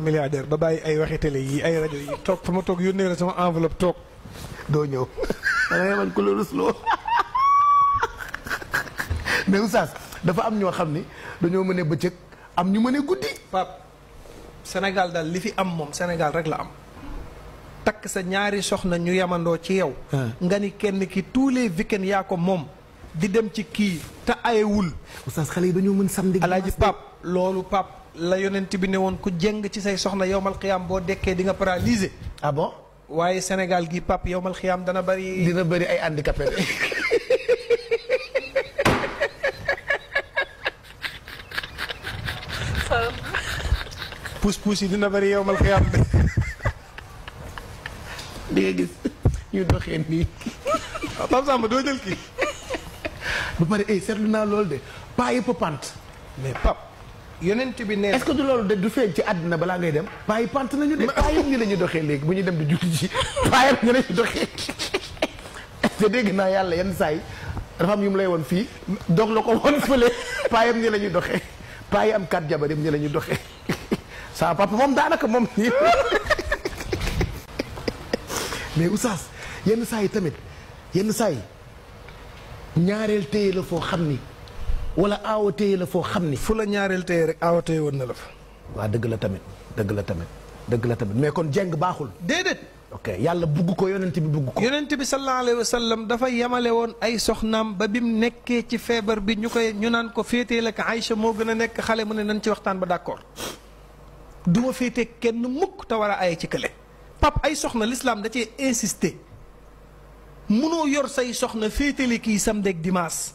milliardaire ba bàyyi ay waxi télé yi ay rajo yi toog fa ma toog yónnee la sama enveloppe toog doo ñëw danga mais oustaz dafa am ñoo xam ni dañoo mënee bëccëg am ñu mënee guddi pap Sénégal daal li fi am moom senegal rek la am takk sa ñaari soxna ñu yamandoo ci yow ah. nga ni kenn ki tous les yaa ko moom di dem ci kii te ayewul oustaz xale yi dañoo mën samedi alaaji pap loolu pap la yonent bi ne woon ku jëng ci say soxna yowmal xiyaam boo dekkee di nga paralysé. ah bon waaye Sénégal gi pap yowmal xiyaam dana bari dina bari ay handicapé. puus puus yi dina bëri yowmal xiyaam de. di gis ñu doxee nii. Ah, Pape Samba doo jël kii. ba pare ay eh, seetlu naa lool de pas yëpp pant mais pap yonent bi nee est-ce que du loolu de du fecc ci àddina bala ngay dem bàyyi pant nañu de paayam ñi la ñu doxee léegi bu ñu dem du jutti ci paayam ñu lañu doxé doxee te dégg naa yàlla yenn say dafa am yum lay won fi doog lako won fele fële paayam ñi la ñu doxee am kat jabar yam ñi la ñu doxee sa papa moom daanaka moom nii mais oustaz yenn say tamit yenn say ñaarel ñaareel téye la foo xam wala aawa téye la foo xam ni. fu la ñaareel téye rek aawa téye woon na la fa. waaw dëgg la tamit dëgg la tamit dëgg la tamit mais kon jeng baaxul. déedéet. ok yàlla bugg ko yonent bi bugg ko. yonent bi sallallahu alayhi wa sallam dafa yemale woon ay soxnaam ba bi mu nekkee ci feebar bi ñu koy ñu naan ko féetee la ak Aïcha moo gën a nekk xale mu ne nañ ci waxtaan ba d'accord du ma féetee kenn mukk te war a ay ci kële. pap ay soxna l'islam da cee insister munoo yor say soxna féetale kii samedi ak dimanche.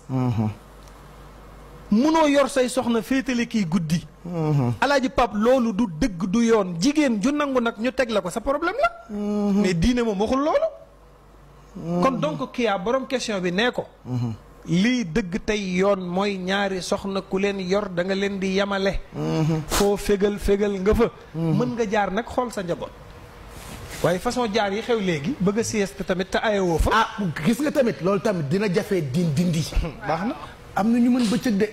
munoo yor say soxna féetale kii guddi. Mhm. alaaji pap loolu du dëgg du yoon jigéen ju nangu nag ñu teg la ko sa problème la. Mhm. mais diine moom waxul loolu. Mhm. kon donc kii yaa borom question bi nee ko. lii dëgg tey yoon mooy ñaari soxna ku leen yor danga leen di yamale. foo fégal fégal nga fa. mën nga jaar nag xool sa njaboot. waaye façon jaar yi xew léegi bëgg a sieste tamit te ayewoo fa. ah gis nga tamit loolu tamit dina jafe diin dindi. baax na am na ñu mën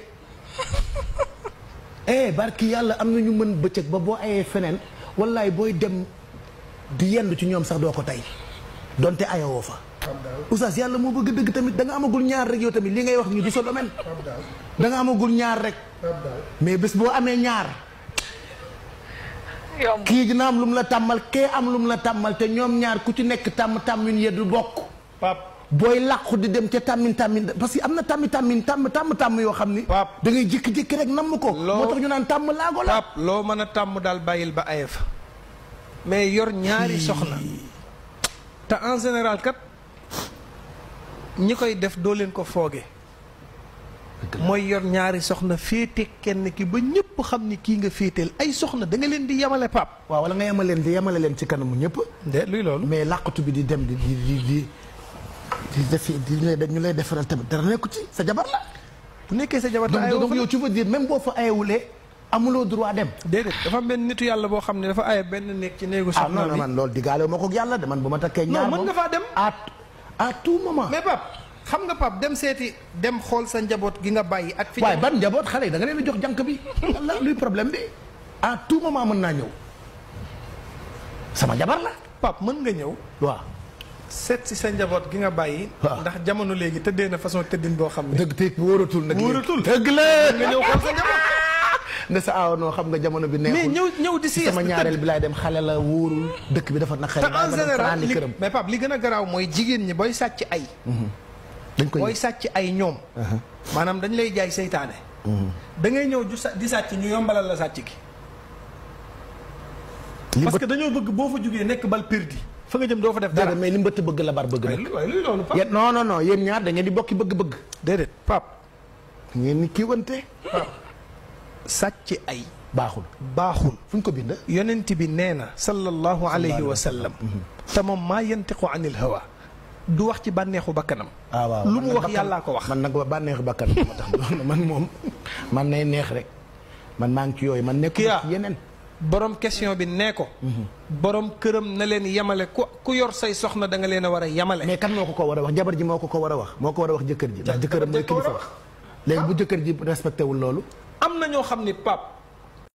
eh barki yàlla am na ñu mën bëccëg ba boo ayee feneen wallaay booy dem di yenn ci ñoom sax doo ko tey donte ayewoo fa. oustaz yàlla moo bëgg dëgg tamit danga amagul ñaar rek yow tamit li ngay wax ñu du sa domaine. amagul ñaar rek. mais bés boo amee ñaar. kii dina am lu mu la tàmmal kee am lu mu la tàmmal te ñoom ñaar ku ci nekk tàmm tàmm yu du yeddu bokk. booy làqu di dem ca tàmmin tàmmin parce am na tàmmi tàmmin tàmm tàmm tàmm yoo xam ni. pap dangay ngay jékki-jékki rek namm ko. loo moo tax ñu naan tàmm laago la. pap loo mën a tàmm daal bàyyil ba aye fa mais yor ñaari soxna. te en général kat ñi koy def doo leen ko fooge. mooy yor ñaari soxna féete kenn ki ba ñëpp xam ni kii nga féeteel ay soxna da nga leen di yamale pap waaw wala nga yemale leen di yemale leen ci kanamu ñëpp. de luy loolu mais làqatu bi di dem di di di. di def ñu lay defaral tamit dara nekku ci sa jabar la bu nekkee sa jabar donc donc yow tu veux dire même boo fa ayewulee amuloo droit dem déedéet dafa benn nitu yàlla boo xam dafa aye benn nekk ci ah, non man de man nga dem à à tout moment mais pap xam nga pap dem seeti dem xool sa njaboot gi nga bàyyi ak fi waaye ban da nga leen jox bi la luy problème bi à tout moment sama jabar la pap nga seet si sa njaboot gi nga bàyyi. Ah. ndax jamono léegi tëddee na façon tëddin boo xam ne. dëgg te wóoratul nag. wóoratul dëgg la nga ñëw xool sa njaboot. sa aaw noo xam nga jamono bi. neexul mais ñëw ñëw di si sama ñaareel bi laay dem xale la wóorul. dëkk bi dafa naqari. te en général li mais Pape li gën a garaaw mooy jigéen ñi booy sàcc ay. Mhm. dañ koy booy sàcc ay ñoom. Uh-huh. maanaam dañ lay jaay seytaane. Mhm. da ngay ñëw di sàcc ñu yombalal la sàcc gi. parce que dañoo bëgg boo fa jugee nekk bal perdi fa nga jëm doo fa def dara mais li mbëtt bëgg la bar bëgg nag non non non yéen ñaar da ngeen di bokki bëgg-bëgg déedéet pap ngeen ni kiiwante sàcc ay baaxul baaxul fu ñu ko bind yonent bi nee na sallallahu alayhi wa sallam mhm. te moom maa yantiqu anil hawa du wax ci bànneexu bakkanam ah waaw lu mu wax yàllaa ko wax man nag bànneexu bakkanam ma tax man moom man nay neex rek man maa ngi ci yooyu man nekk yeneen borom question bi nee ko. Mhm. borom këram na leen yemale ku ku yor say soxna da leen a war a yemale. mais kan moo ko ko war a wax jabar ji moo ko ko war a wax moo ko war a wax jëkkër ji. ndax jëkkëram mooy kilifa léegi bu jëkkër ji respecté wul loolu. am na ñoo xam ni papp